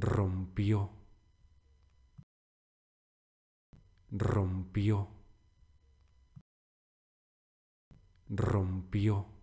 rompió, rompió, rompió.